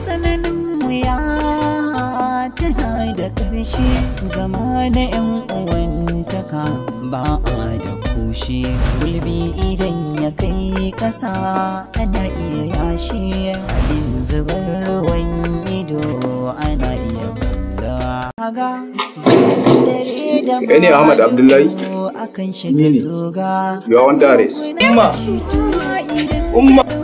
tsananin wuya tana da ƙarshe zama da 'yan uwantaka ba a da kushe gulbi idan ya kai ƙasa ana iya yashi abin zubar ruwan ido ana iya balla haga ne Ahmad Abdullahi akan shiga zoga you are Umma Umma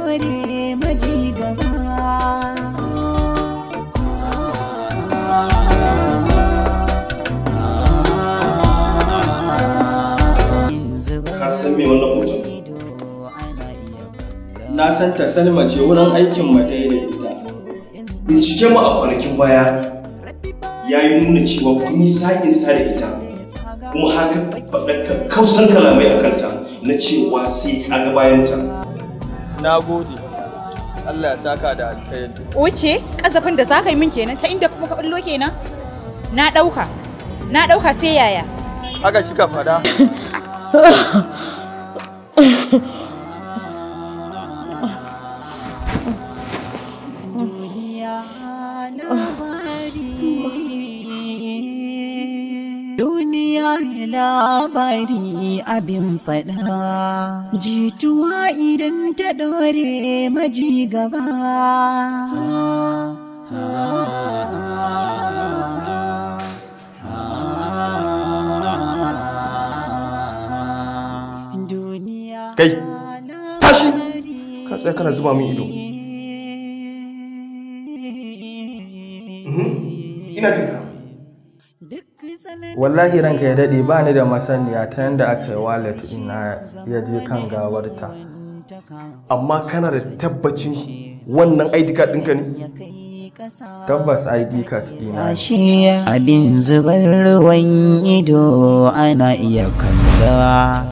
santa ta salma ce wurin aikin mu ɗaya da ita bincike mu a kwanakin baya ya yi nuna cewa kun yi sa'in sa da ita kuma haka faɗa kausan kalamai a kanta na cewa sai a ga bayanta na gode Allah ya saka da alkhairi Wuce, kazafin da ka yi min kenan ta inda kuma ka ɓullo kenan na ɗauka na ɗauka sai yaya haka kika faɗa labari abin faɗa jituwa idan ta ɗore maji gaba kai tashi ka tsaye kana zuba min ido mm-hmm. mhm. ina jinka wallahi ranka ya daɗe ba ni da masaniya ta yadda aka yi walet ina ya je kan gawarta amma kana da tabbacin wannan id card ɗinka ne tabbas id card ɗina abin zubar ruwan ido ana iya kallawa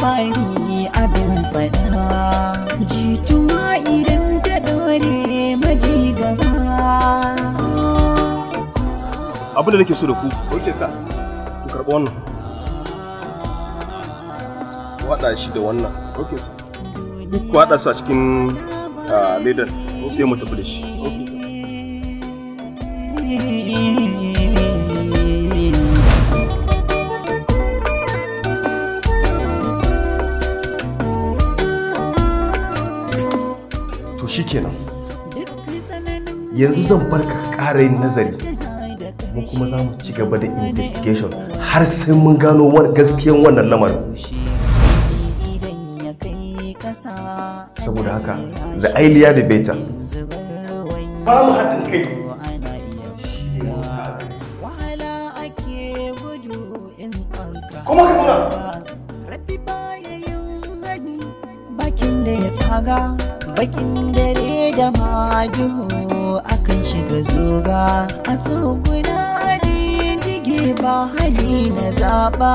bari abin fada jituwa idan ta dore maji gaba abu da nake so da ku oke sa ku karɓi wannan ku haɗa shi da wannan oke sa ku haɗa su a cikin ah, ledar sai mu tafi da shi oke kenan yanzu zan bar ka ƙara yin nazari mu kuma za mu ci gaba da investigation har sai mun gano gaskiyan wannan lamarin saboda haka the ailiya da Beta ba mu haɗin kai kuma ka zauna bakin da ya bakin dare da majuhu akan shiga zuga a tsoguna da ba hali na zaba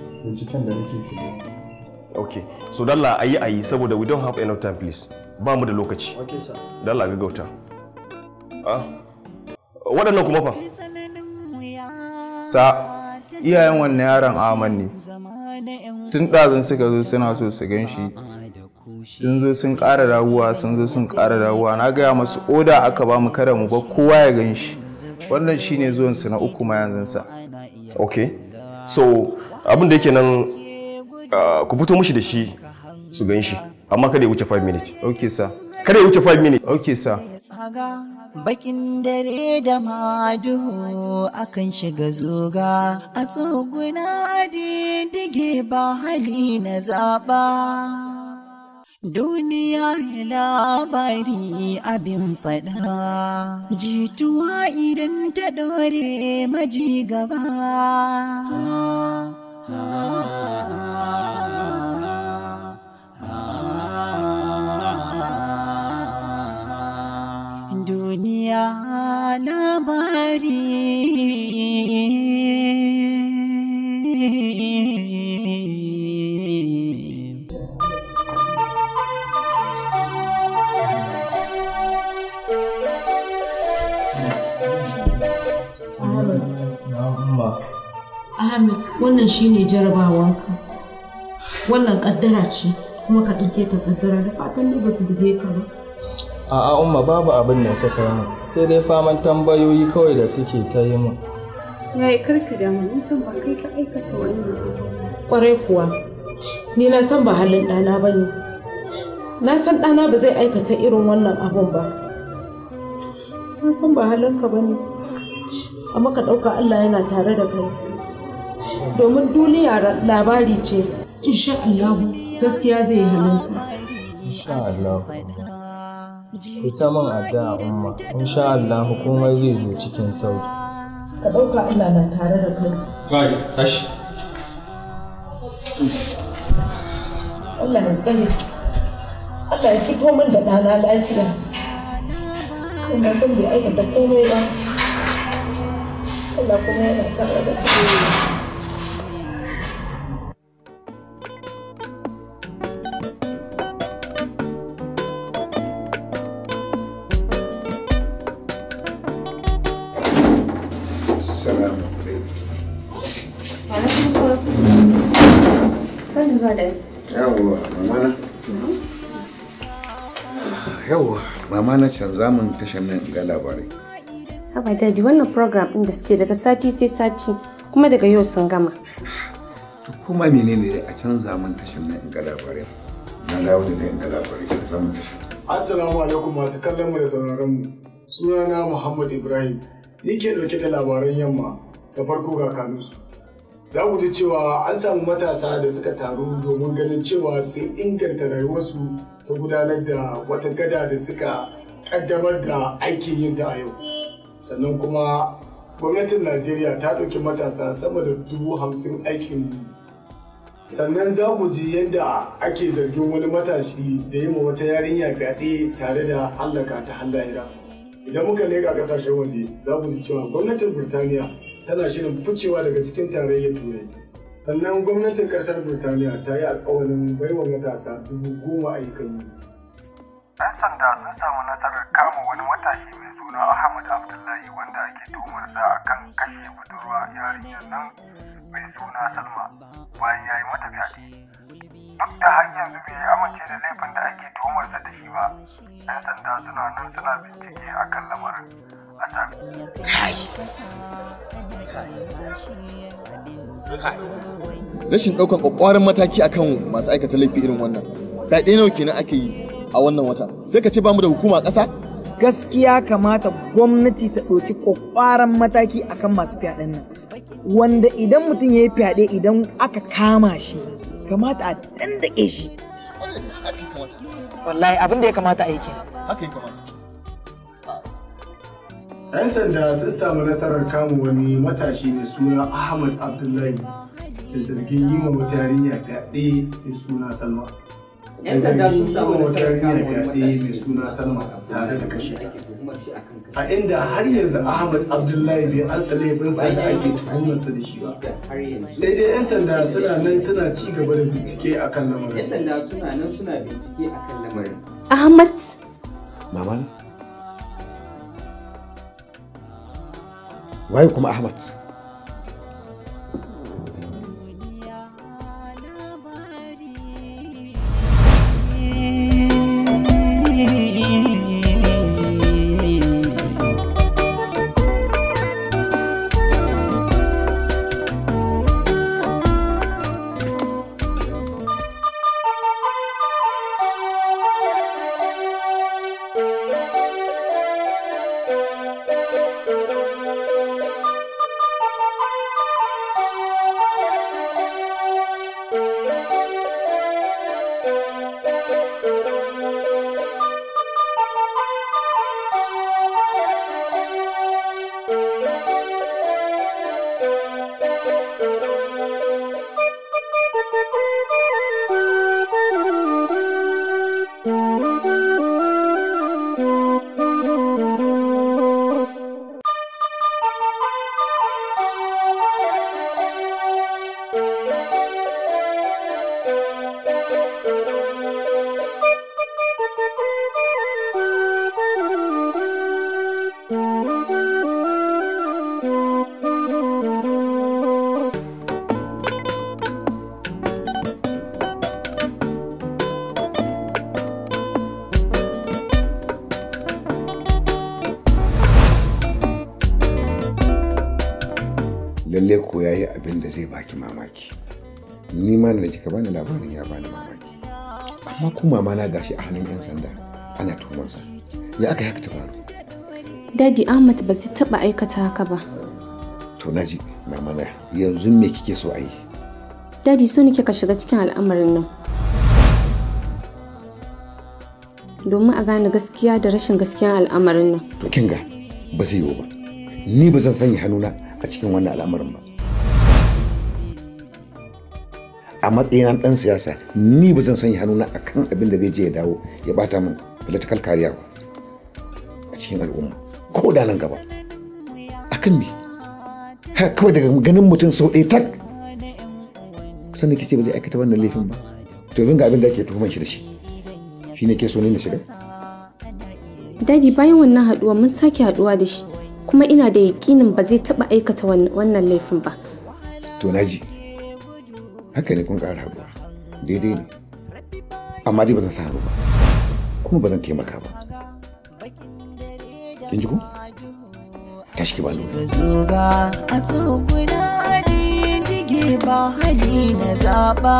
binciken da nake ke ok so dalla ayi ayi saboda we don't have enough time please ba mu da lokaci ok sir dalla gaggauta ah waɗannan kuma fa sa iyayen wannan yaron aman ne tun ɗazin suka zo suna so su gan shi sun zo sun ƙara rawuwa sun zo sun ƙara rawuwa na gaya masu oda aka ba mu kada mu ba kowa ya gan shi wannan shine zuwansu na uku ma yanzu sa Ok so abin da yake nan ku fito mushi da shi su gan shi amma kada ya wuce 5 minutes okay sir kada ya wuce 5 minutes okay sir bakin dare da maduhu akan shiga zoga a tsoguna didige ba hali na zaba Duniya labari abin fada, jituwa idan ta ɗore maji gaba. duniya la labari wannan shine jarabawanka wannan kaddara ce kuma ka ɗauke ta kaddara da fatan ne ba su dige ka ba a'a umma babu abin da suka yi sai dai faman tambayoyi kawai da suke ta yi mun ya yi karka da mun san ba kai ka aikata wannan kwarai kuwa ni na san ba halin ɗana ba ne na san ɗana ba zai aikata irin wannan abun ba na san ba halinka ba ne amma ka ɗauka allah yana tare da kai domin duniya labari ce insha Allah gaskiya zai yi halarta insha Allah ita man addu'a umma insha Allah komai zai zo cikin sauki ka dauka Allah na tare da kai kai tashi Allah ya tsare Allah ya fito min da dana lafiya ina san bai aikata komai ba Allah kuma yana tare da kai yawwa mamana yawwa mamana canza min tashar nan ga labarai haba daji wannan program ɗin da suke daga sati sai sati kuma daga yau sun gama to kuma menene a canza min tashar nan ga labarai na dawo da nan ga labarai canza min tashar assalamu alaikum masu kallon mu da sauraron mu sunana muhammad ibrahim ke dauke da labaran yamma da farko ga kanusu. za ku ji cewa an samu matasa da suka taru domin ganin cewa sun inganta rayuwarsu ta gudanar da wata gada da suka kaddamar da aikin yin ta a yau sannan kuma gwamnatin najeriya ta ɗauki matasa sama da dubu hamsin aikin sannan za ku ji yadda ake zargin wani matashi da yi ma wata yarinya fyaɗe tare da hallaka ta hallayira idan muka leƙa ƙasashen waje za ku ji cewa gwamnatin burtaniya tana shirin ficewa daga cikin tarayyar turai sannan gwamnatin kasar birtaniya ta yi alkawarin baiwa matasa dubu goma a yi ɗan sanda sun samu nasarar kama wani matashi mai suna ahmad abdullahi wanda ake sa a kan kashe budurwa yari nan mai suna salma bayan ya yi mata fyaɗe duk da har yanzu bai amince da laifin da ake sa da shi ba ɗan sanda suna nan suna bincike a kan lamarin rashin ɗaukar ƙwaƙwarin mataki akan masu aikata laifi irin wannan fyaɗe nawa kenan ake yi a wannan wata sai ka ce bamu da hukuma a ƙasa gaskiya kamata gwamnati ta ɗauki ƙwaƙwaran mataki akan masu fyaɗen nan wanda idan mutum ya yi fyaɗe idan aka kama shi kamata a dandake shi wallahi abin da ya kamata a yi kenan haka ya kamata 'Yan sanda sun samu nasarar kamun wani matashi mai suna Ahmad Abdullahi da zargin yi wa wata yarinya fyaɗe mai suna Salma. 'Yan sanda sun samu nasarar kamun wani fyaɗe mai suna Salma tare da kashe A inda har yanzu Ahmad Abdullahi bai ansa laifinsa da ake tuhumarsa da shi ba. Sai dai 'yan sanda suna nan suna ci gaba da bincike akan lamarin. 'Yan sanda suna nan suna bincike akan lamarin. Ahmad. Mama وينكم احمد ta mamaki ni ma da jika bani labarin ya bani mamaki amma ko mama na gashi a hannun yan sanda ana sa ya aka haka ta faru dadi ahmad ba zai taba aikata haka ba to naji mama na yanzu me kike so a yi dadi so nake ka shiga cikin al'amarin nan domin a gane gaskiya da rashin gaskiyan al'amarin nan to kinga ba zai yiwu ba ni ba zan sanya hannuna a cikin wannan al'amarin ba a matsayin ɗan siyasa ni ba zan sanya hannuna a kan abin da zai je ya dawo ya bata min political kariya a cikin al'umma ko da nan gaba a kan me haka kawai daga ganin mutum sau ɗaya tak sannan ce ba zai aikata wannan laifin ba to ga abin da ake tuhuman shi da shi ne ke so ne na shiga daji bayan wannan haduwa mun sake haduwa da shi kuma ina da yakinin ba zai taba aikata wannan laifin ba. To naji haka ne kun kara ba daidai ne amma dai ba zan sa ba kuma ba zan taimaka ba kin ji ku tashi ki ba lura zuga a tsoguna ba hali na zaba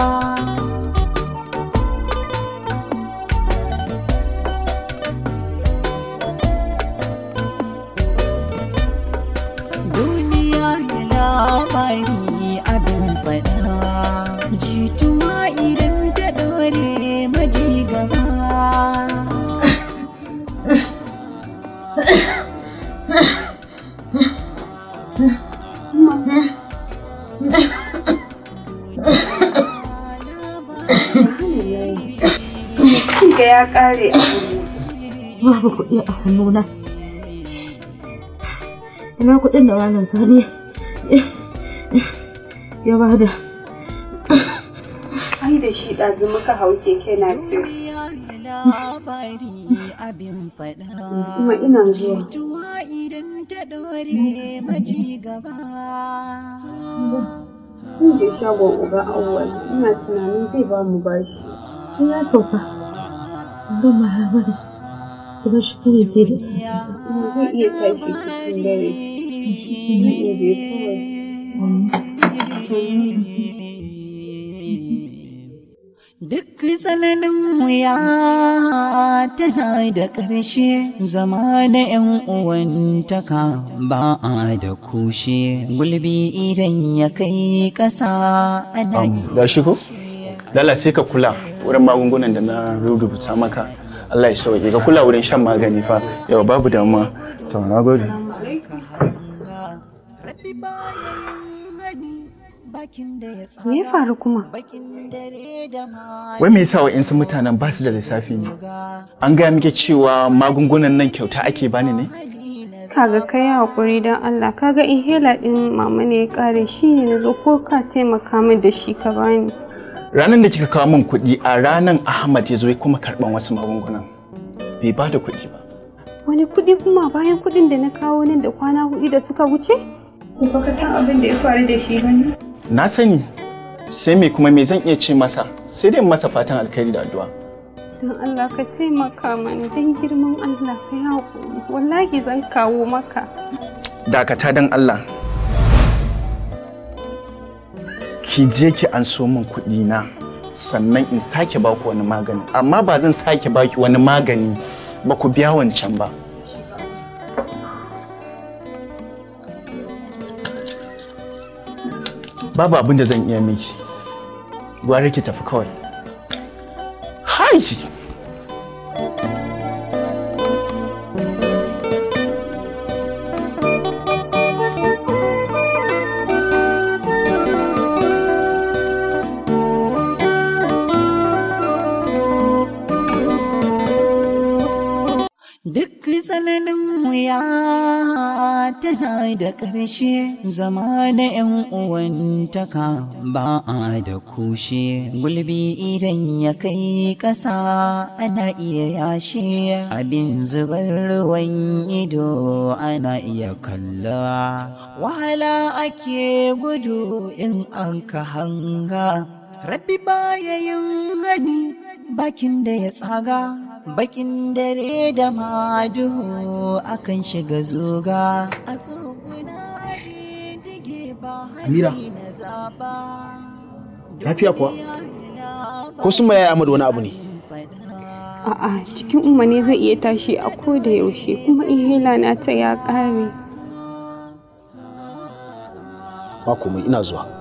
ƙare a Babu kuɗi a na. Ina kuɗin da wannan sani ya da. Ai da shi ɗazu muka hau keke na biyu. Kuma ina zuwa. Kun je shagon uba awwal ina tunanin zai ba mu bashi. sauka. ban mahabara kuma shi kawai sai da zai iya tashi cikin dare iya Duk tsananin wuya tana da ƙarshe zama da ‘yan uwantaka ba a da kushe gulbi idan ya kai ƙasa ana yi. Ga shi ko? Lala sai ka kula wurin magungunan da na rubuta maka. Allah ya sauke ka kula wurin shan magani fa. Yau babu damuwa. To na gode. Me ya faru kuma? Wai me yasa wa'insu mutanen ba su da lissafi ne? An gaya muke cewa magungunan nan kyauta ake bani ne? Kaga ka yi haƙuri don Allah, kaga inhaler ɗin mama ne ya ƙare shi ne na zo ko ka taimaka min da shi ka bani. Ranan da kika kawo min kuɗi a ranan ahmad ya zo ya kuma karɓan wasu magungunan bai ba da kuɗi ba wani kuɗi kuma bayan kuɗin da na kawo nan da kwana hudu da suka wuce ba ka san abin da ya faru da shi bane na sani sai me kuma me zan iya ce masa sai dai masa fatan alkhairi da addu'a don Allah ka taimaka mani don girman Allah ka wallahi zan kawo maka dakata don Allah ki je ki an so min kuɗi na sannan in sake baku wani magani amma ba zan sake baki wani magani ba ku biya wancan ba babu abin da zan iya miki gwara ki tafi kawai hai ƙarshe zama da ‘yan uwantaka ba a da kushe gulbi idan ya kai ƙasa ana iya yashe abin zubar ruwan ido ana iya kalla wahala ake gudu in an ka hanga Rabbi ya yin bakin da ya tsaga, bakin dare da maduhu akan shiga zoga. A Lafiya kuwa? Ko sun maye Amadu wani abu ne? A'a, cikin umarni zai iya tashi a ko da yaushe kuma inhela na ta ya kare Ba komai ina zuwa.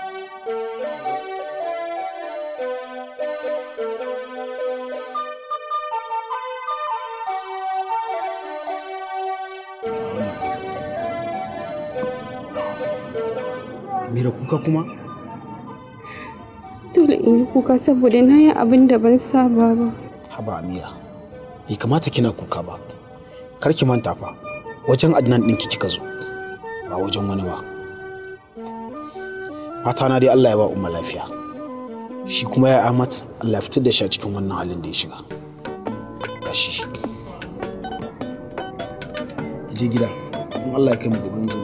Mira kuka kuma? Dole in yi kuka saboda na yi abin da ban saba ba. Haba Amira, bai kamata kina kuka ba. Kar ki manta fa, wajen Adnan ɗinki kika zo, ba wajen wani ba. Mata na dai Allah ya ba umma lafiya. Shi kuma ya Amat Allah ya fitar da shi a cikin wannan halin da ya shiga. Kashi. Je gida, in Allah ya kai mu gobe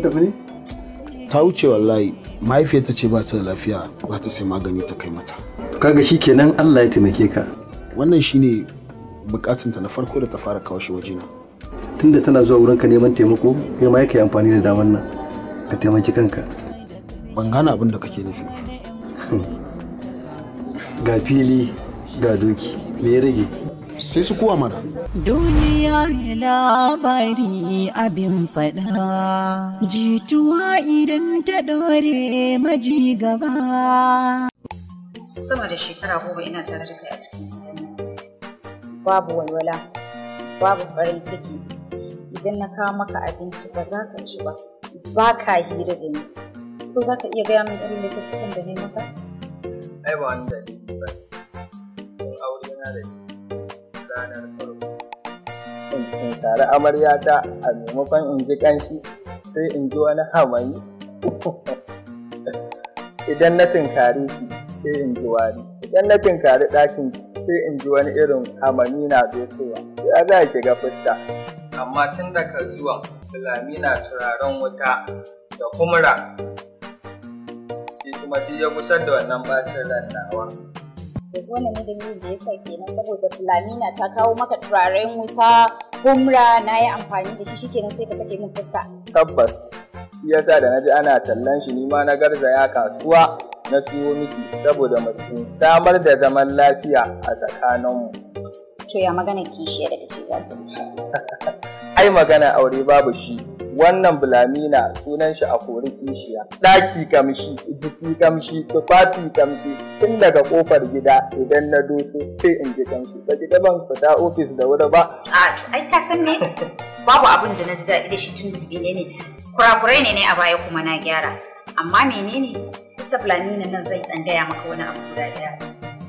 ta tafi ne? Ta wuce wallahi mahaifiyar ce ba ta da lafiya ba ta sai magani ta kai mata. Kaga shi kenan Allah ya taimake ka. Wannan shine ta na farko da ta fara kawo shi wajena. Tunda tana zuwa wurinka neman taimako sai ma yake amfani da damar nan ka taimaki kanka. Ban gana abin da kake nufi. Ga fili ga doki me ya rage? sai su kuwa mana. Duniya labari abin faɗa, jituwa idan ta ɗore maji gaba. Sama da shekara goma ina tare da kai a cikin Babu walwala, babu farin ciki. Idan na kawo maka abinci ba za ka ci ba, ba ka hira da ni. Ko za ka iya gaya min irin kan da ni maka? Ai ba wani ni ba. Aure na da ni. ranar farko in tunkari amaryata a maimakon in ji kanshi sai in ji wani hamayi idan na tunkari shi, sai in ji wani idan na tunkari ɗakin sai in ji wani irin hamami na dokowa ya za ki ga fuska amma tun da ka zuwa fulani na turaren wuta da kumra shi kuma duk ya kusa da wannan bacin rannawa da wannan ne dalilin da yasa kenan saboda fulamina ta kawo maka turaren wuta humra na yi amfani da shi shikenan sai ka take min fuska tabbas shi yasa da ji ana tallan shi nima na garzaya kasuwa na siyo miki saboda mu samar da zaman lafiya a tsakaninmu to ya magana kishiya daga ai magana aure babu shi wannan bulamina sunan shi a kori kishiya ɗaki kamshi jiki kamshi tufafi kamshi tun daga kofar gida idan na doto sai in ji kamshi ba ki gaban fita ofis da wuri ba a to ai ka san me babu abin da na ji daɗi da shi tun dubine ne kurakurai ne ne a baya kuma na gyara amma menene ita bulamina nan zai dan gaya maka wani abu guda ɗaya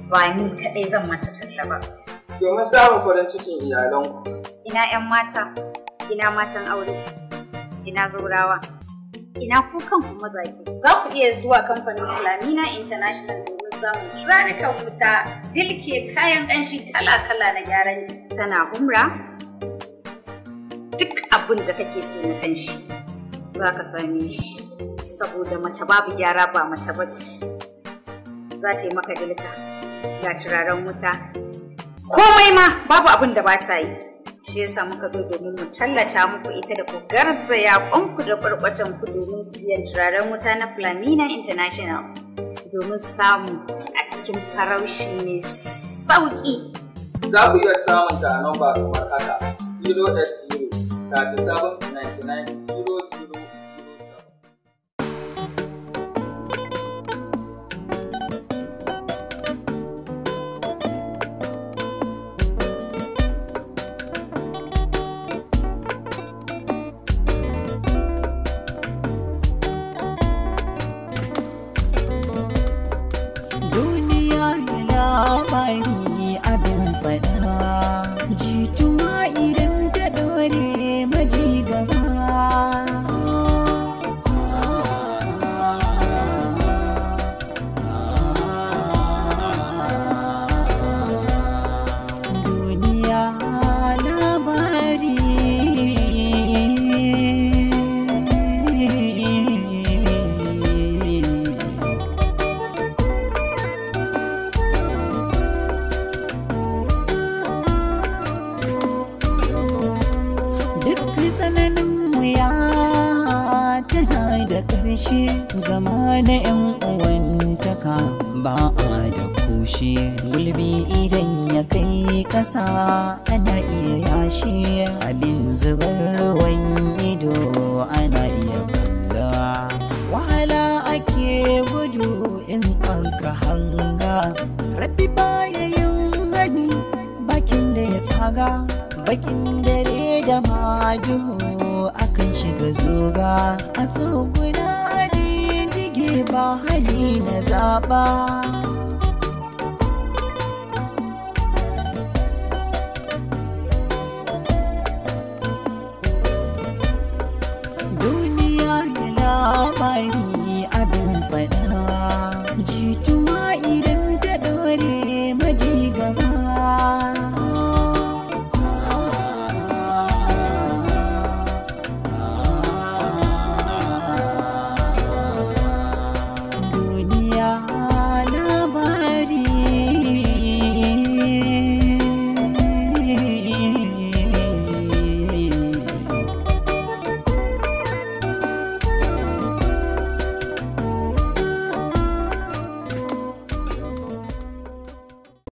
ba ni kadai zan mata talla ba domin samun farin cikin iyalanku ina 'yan mata ina matan aure ina zaurawa ina ku kanku mazaje za ku iya zuwa kamfanin Flamina International domin samun turarukan wuta dilke kayan ƙanshi kala-kala na gyaran jiki tana humra duk abin da kake so na ƙanshi za ka same shi saboda mace babu gyara ba mace ba za ta yi maka dilka ga turaren wuta komai ma babu abin da ba ta yi shi samu muka zo domin mu tallata muku ita da ku garzaya ƙwanku da ƙwarƙwatan ku domin siyan turaren wuta na Flamina International domin samu a cikin faraushi mai sauƙi. Za ku iya samun ta a nan ba kamar haka 080 37 99 ba hali na zaɓa